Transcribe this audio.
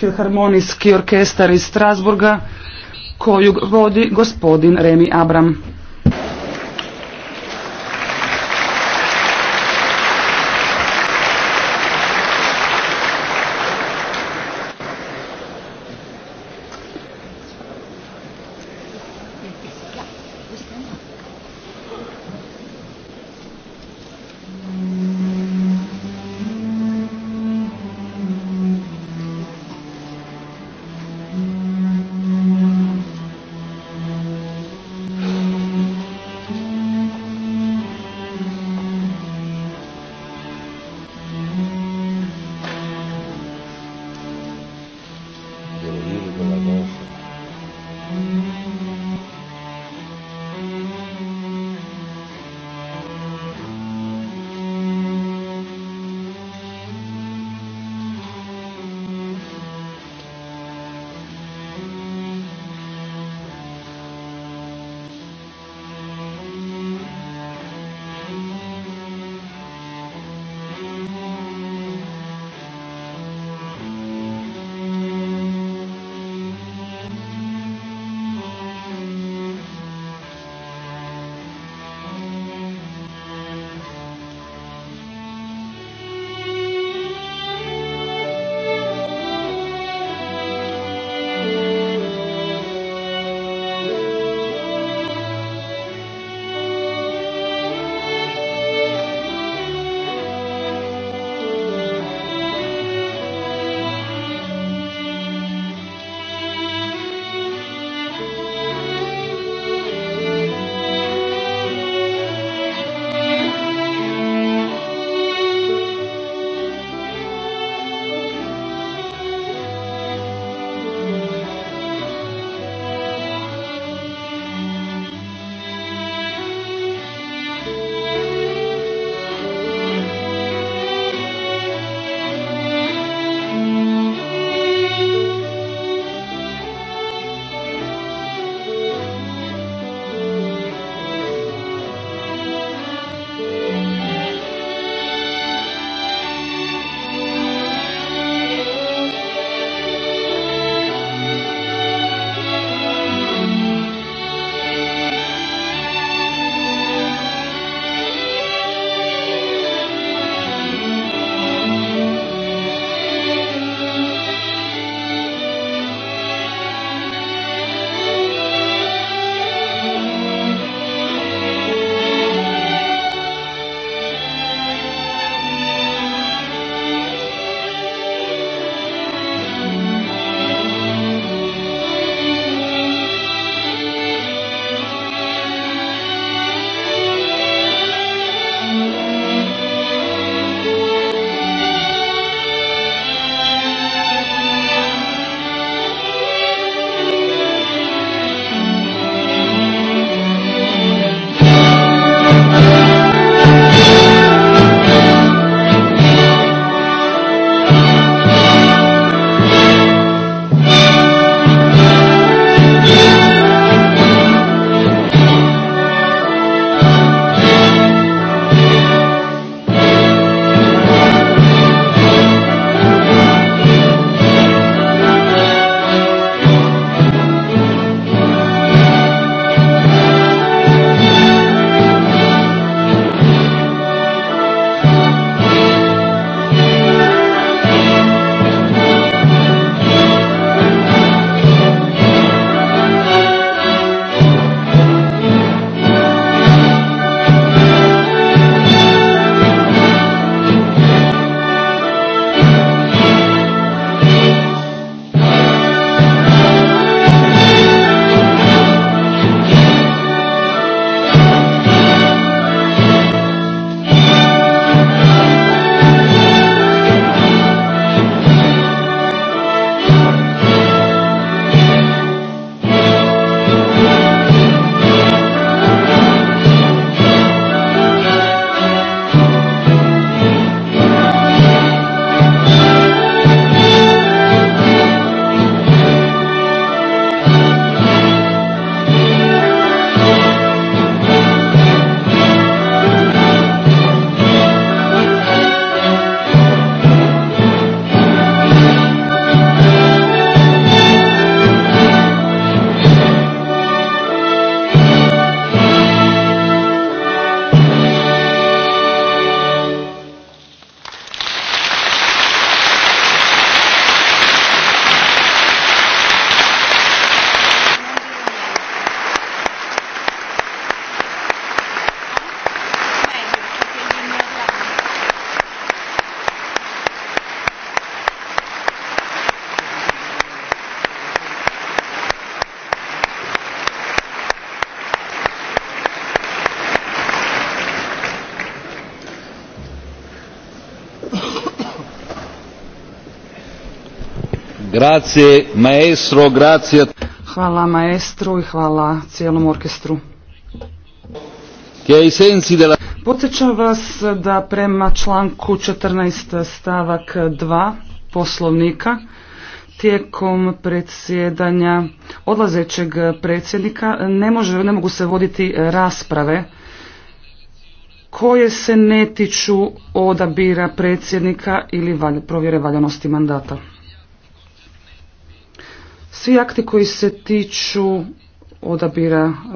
filharmonijski orkestar iz Strasburga koju vodi gospodin Remi Abram. Grazie maestro, grazie. Hvala maestru i hvala cijelom orkestru. Podsjećam vas da prema članku 14 stavak 2 poslovnika tijekom predsjedanja odlazećeg predsjednika ne, može, ne mogu se voditi rasprave koje se ne tiču odabira predsjednika ili provjere valjanosti mandata. Svi akti koji se tiču odabira